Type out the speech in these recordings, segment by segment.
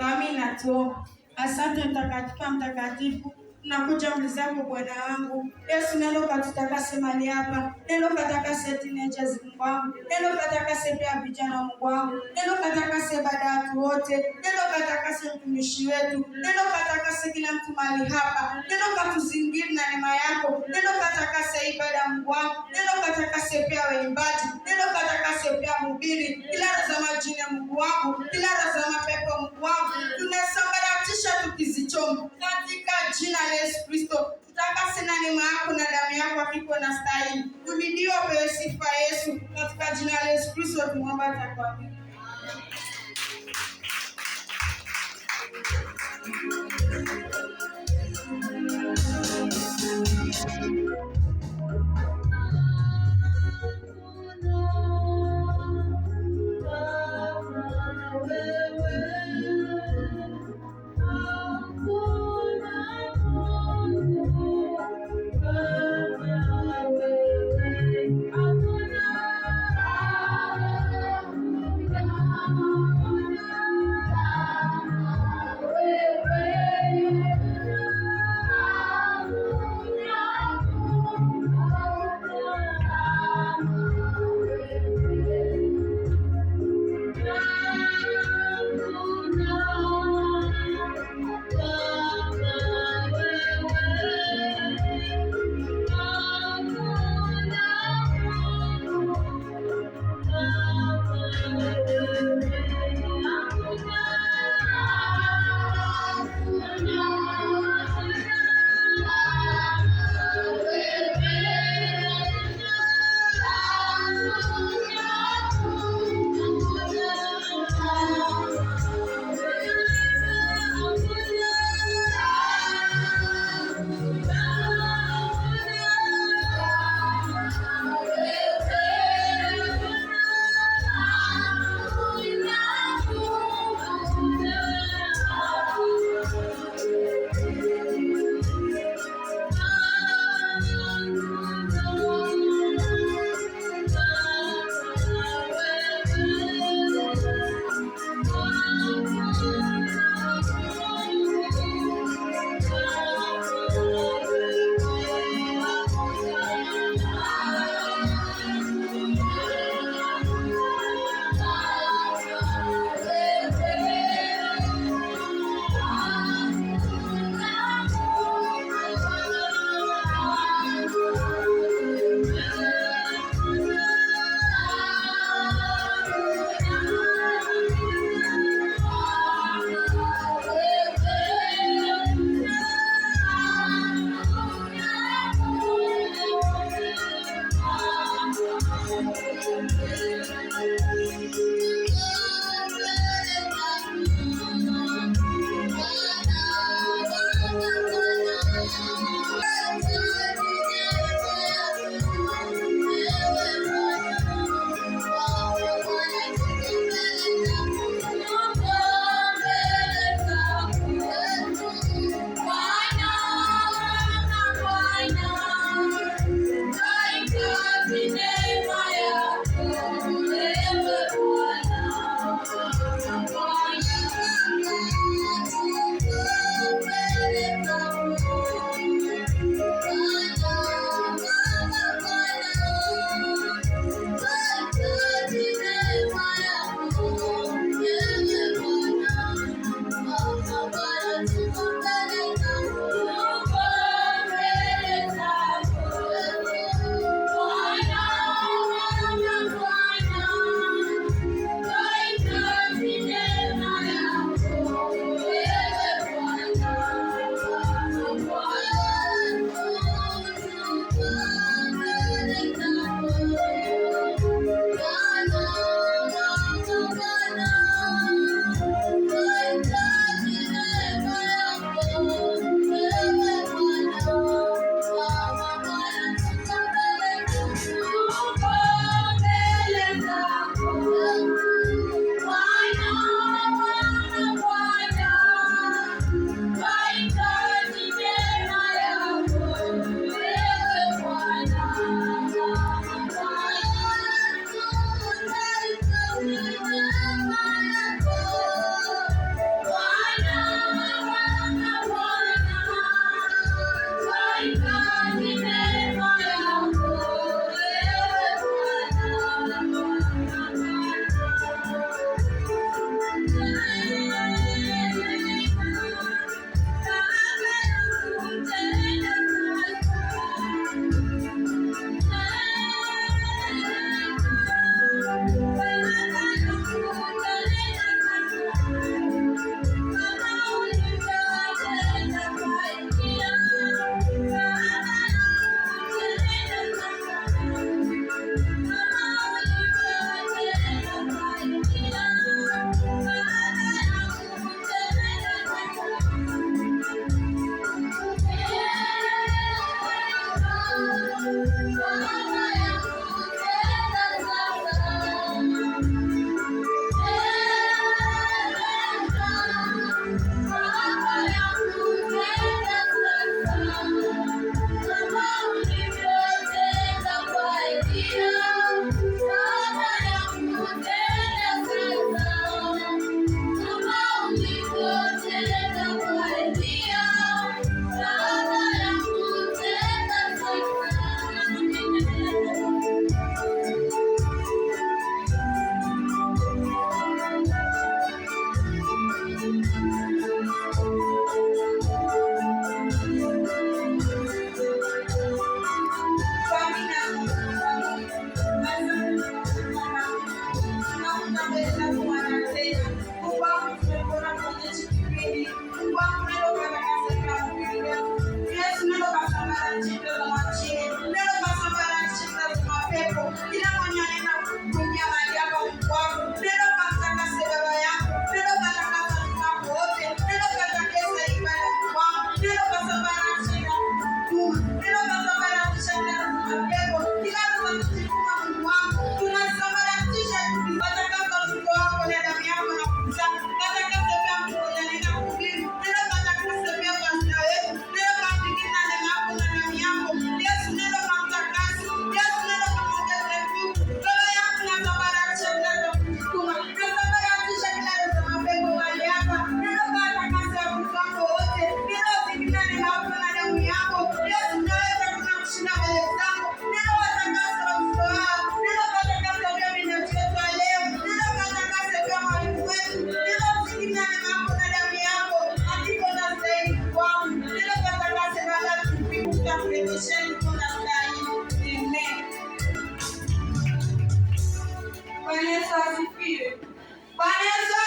Pamina to. Asante mtakatifu mtakatifu Nakuja mlizangu Bwana wangu Yesu, neno katutakase mali hapa, neno katakase teenagers Mungu wangu, neno katakase pia vijana Mungu wangu, neno katakase baada ya watu wote, neno katakase mtumishi wetu, neno katakase kila mtu mali hapa, neno katuzingiri na neema yako, neno katakase ibada Mungu wangu, neno katakase pia waimbaji, neno katakase pia mhubiri, kila roho za majini Mungu wangu, kila roho za mapepo Mungu wangu, tunasambaratisha tukizichoma katika jina Bwana Yesu Kristo, tutakase na neema yako na damu yako akiko na stahili. Tubidiwe pewe sifa Yesu, katika jina la Yesu Kristo tumwomba takwami every day. Bwana Yesu asifiwe. Bwana Yesu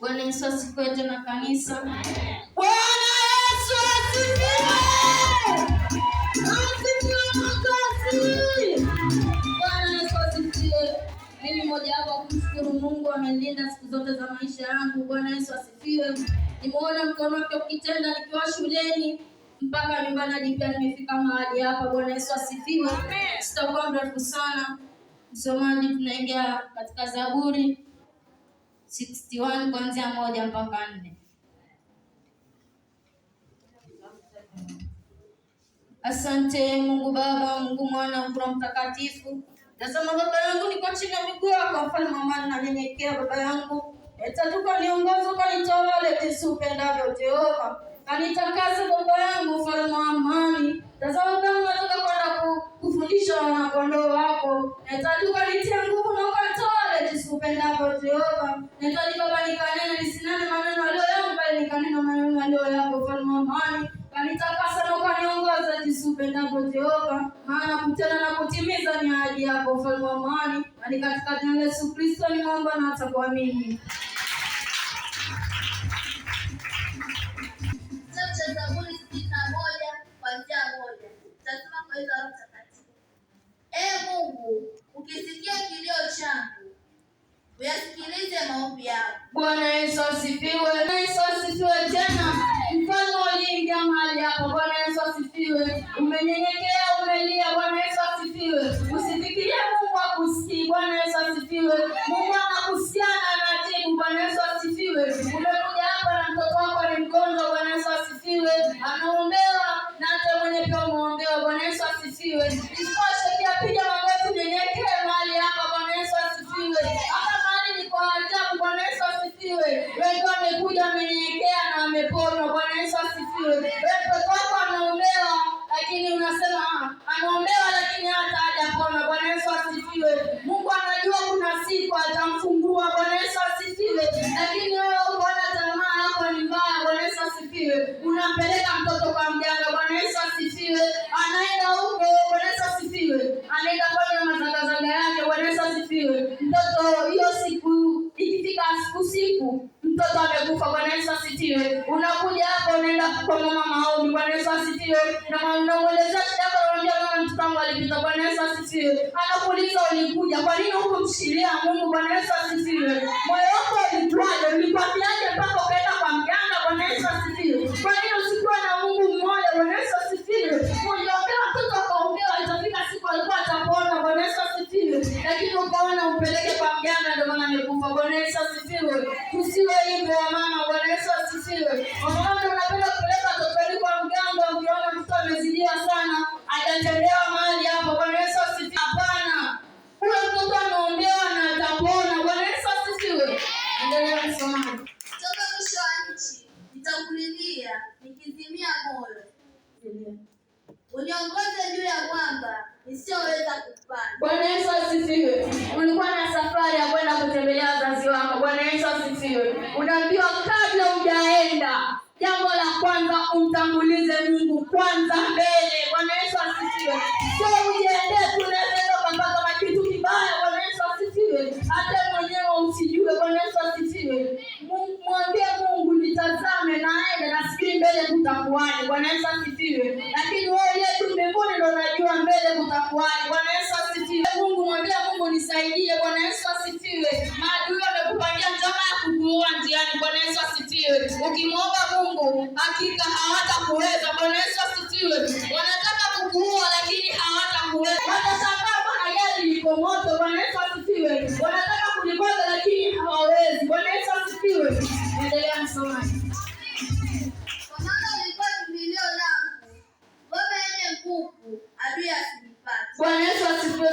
Bwana Yesu asifiwe tena kanisa. umenipenda siku zote za maisha yangu. Bwana Yesu asifiwe. Nimeona mkono wake ukitenda nikiwa shuleni mpaka nyumbani hadi pia nimefika mahali hapa. Bwana Yesu asifiwe. Sitakuwa mrefu sana. Msomaji, tunaingia katika Zaburi 61 kuanzia moja mpaka nne. Asante Mungu Baba, Mungu Mwana, Mungu Mtakatifu Tazama baba yangu, niko chini ya miguu yako mfalme wa amani, nanyenyekea baba yangu. Eta tu kaniongoze, ukanitawale jinsi upendavyo Jehova, kanitakase baba yangu, mfalme wa amani. Tazama baba nataka kwenda kufundisha wanakondoo wako. Eta tu kanitia nguvu na ukanitawale jinsi upendavyo Jehova. Eta tu baba nikanene, nisinane maneno yaliyo yangu, bali nikanena maneno yaliyo yako mfalme wa amani jinsi upendavyo Jehova, maana kutenda na kutimiza ni ahadi yako, mfalme wa amani, na ni katika jina la Yesu Kristo nimeomba na nitakuamini. Ee Mungu, ukisikia kilio changu uyasikilize maombi yangu. Bwana Yesu asifiwe. Yesu asifiwe tena, mfalme umefikia mahali hapa. Bwana Yesu asifiwe. Umenyenyekea, umelia. Bwana Yesu asifiwe. Usifikirie Mungu akusikii. Bwana Yesu asifiwe. Mungu anakusiana walipita. Bwana Yesu asifiwe. Anakuuliza ulikuja kwa nini, hukumshikilia Mungu? Bwana Yesu asifiwe. Moyo wako ulitwaje? Ulikwambiaje mpaka nikizimia moyo, uniongoze juu ya mwamba nisioweza kupanda. Bwana Yesu asifiwe. Ulikuwa na safari ya kwenda kutembelea wazazi wako. Bwana Yesu asifiwe. Unaambiwa kabla hujaenda, jambo la kwanza umtangulize Mungu kwanza mbele. Bwana Yesu asifiwe. Sio ujiendee tu, neno kambaka na kitu kibaya. Bwana Yesu asifiwe, hata mwenyewe usijue. Bwana Yesu asifiwe kumwambia Mungu nitazame naende nafikiri mbele kutakuwaje. Bwana Yesu asifiwe. Lakini wewe yeye tu mbinguni ndio unajua mbele kutakuwaje. Bwana Yesu asifiwe. Mungu mwambie Mungu nisaidie. Bwana Yesu asifiwe. Maadui wamekupangia njama ya kukuua njiani. Bwana Yesu asifiwe. Ukimwomba Mungu hakika hawatakuweza. Bwana Yesu asifiwe. Wanataka kukuua lakini Bwana Yesu asifiwe.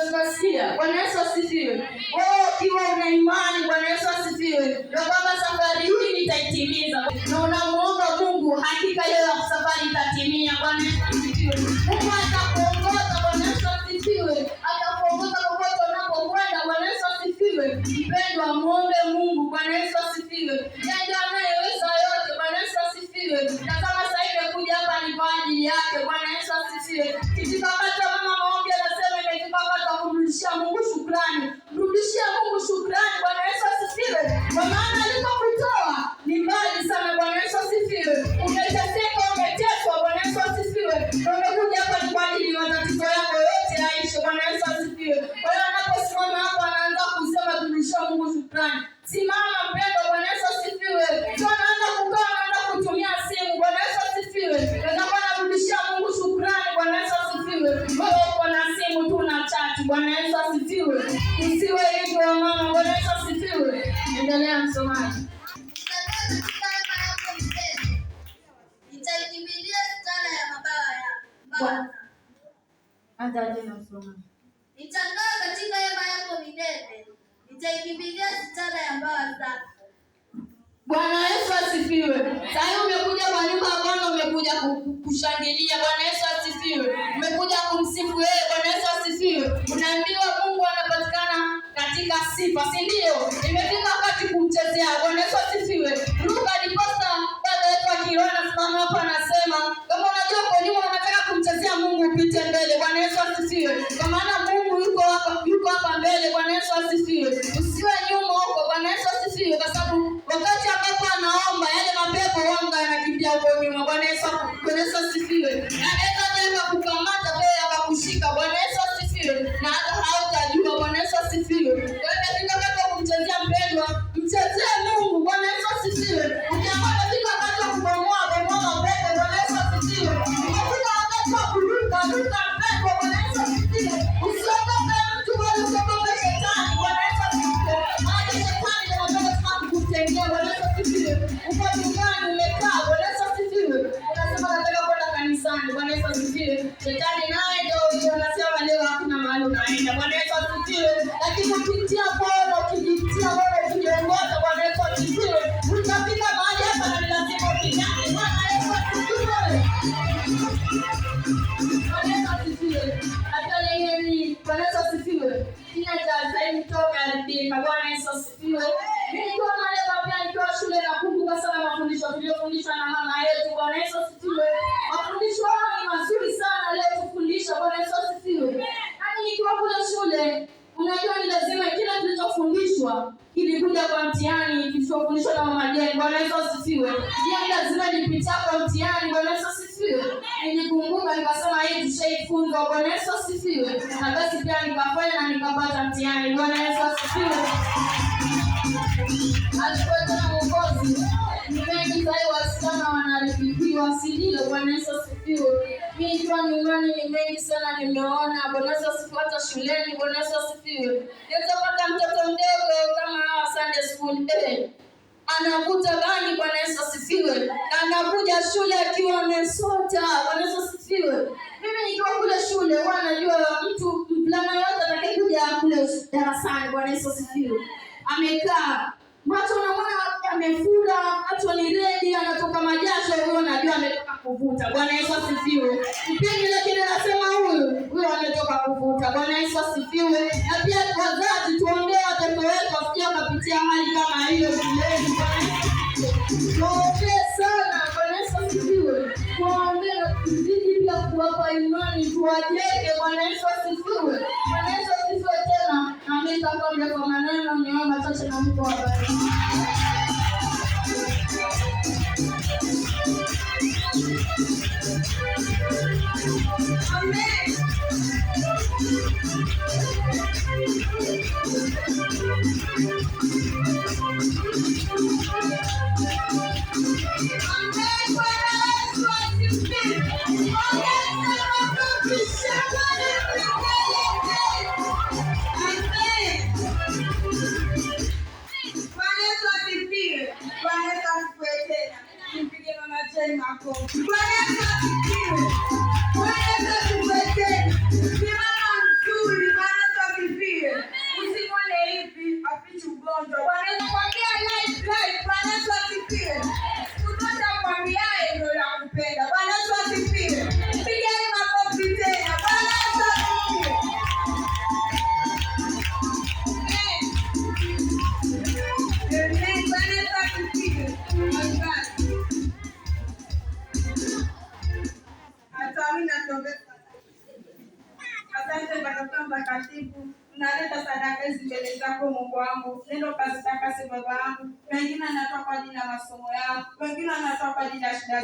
Bwana Yesu asifiwe. Wewe oh, ukiwa una imani, Bwana Yesu asifiwe, na kwamba safari hii nitaitimiza, na unamuomba Mungu, hakika hiyo safari itatimia. Bwana Yesu asifiwe. Mungu atakuongoza. Bwana Yesu asifiwe, atakuongoza popote unapokwenda. Bwana Yesu asifiwe. Mpendwa, muombe Mungu. Bwana Yesu Yesu asifiwe. Usiwe hivyo mama. Bwana Yesu asifiwe. Endelea msomaji. Nitaikimbilia ya mabawa katika hema yako milele. Nitaikimbilia sala ya mabawa zako. Bwana Yesu asifiwe. Sasa hivi umekuja kwa nyumba ya Bwana, umekuja kushangilia. Bwana Yesu asifiwe. Umekuja kumsifu yeye. Bwana Yesu asifiwe. Unaambiwa Mungu anapatikana katika sifa, si ndio? Imefika wakati kumchezea. Bwana Yesu asifiwe. Luka aliposta baba yetu akiwa anasimama hapa anasema, kama unajua kwa nini unataka kumchezea Mungu upite mbele. Bwana Yesu asifiwe. Kwa maana Mungu yuko hapa, yuko hapa mbele. Bwana Yesu asifiwe. asifiwe. Jia lazima nipitapo mtihani, Bwana Yesu asifiwe. Nilikumbuka nikasema hii tushaifunga, Bwana Yesu asifiwe. Na basi pia nikafanya na nikapata mtihani, Bwana Yesu asifiwe. Alipotana Mwokozi, ni mengi sai wasichana wanaribikiwa, si Bwana Yesu asifiwe. Mimi kwa nyumbani ni mengi sana nimeona, Bwana Yesu asifiwe. Hata shuleni, Bwana Yesu asifiwe. Nilipata mtoto mdogo kama hawa Sunday school eh anavuta bangi. Bwana Yesu asifiwe! Na anakuja shule akiwa amesota. Bwana Yesu asifiwe! Mimi nikiwa kule shule huwa najua mtu mvulana yote atakayekuja kule darasani. Bwana Yesu asifiwe! amekaa macho unamwona amefunga macho ni redi, anatoka majasho, huyo najua ametoka kuvuta. Bwana Yesu asifiwe. Mpige lakini anasema huyu huyo ametoka kuvuta. Bwana Yesu asifiwe. Na pia wazazi, tuombee watoto wetu wafikie wakapitia hali kama hiyo shuleni. Tuombee sana. Bwana Yesu asifiwe. Tuombee tuzidi pia kuwapa imani, tuwajenge. Bwana Yesu asifiwe. nami tutakuja kwa maneno mioyo machache Amen.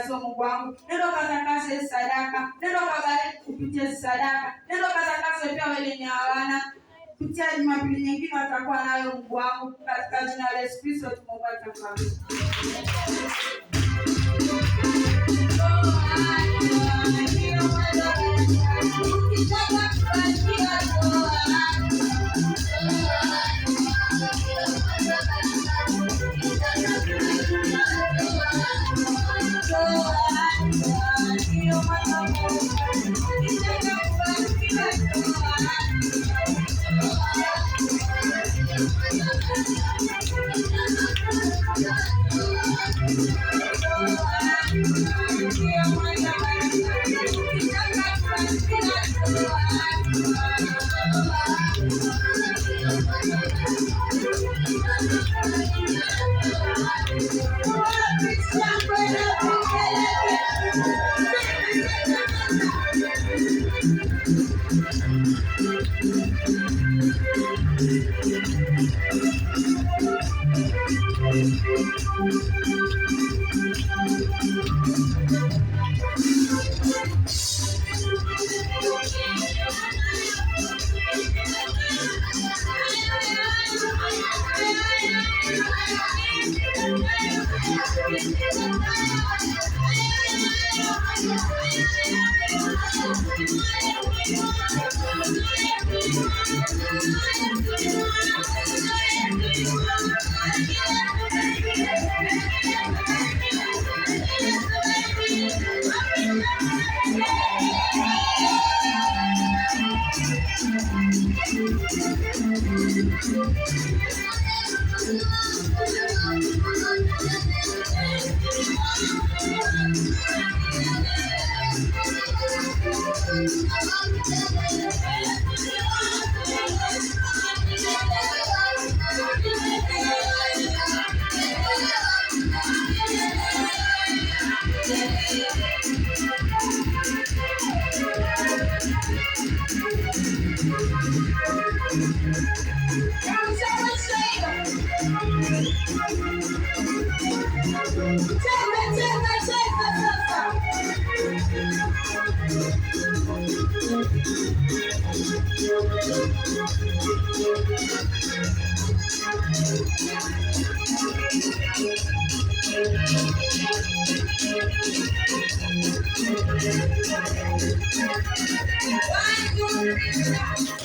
ujazo Mungu wangu. Nenda katakase hizi sadaka. Nenda kabariki kupitia sadaka. Nenda katakase pia wenye hawana. Kupitia Jumapili nyingine watakuwa nayo Mungu wangu katika jina la Yesu Kristo tumeomba kwa Thank Why you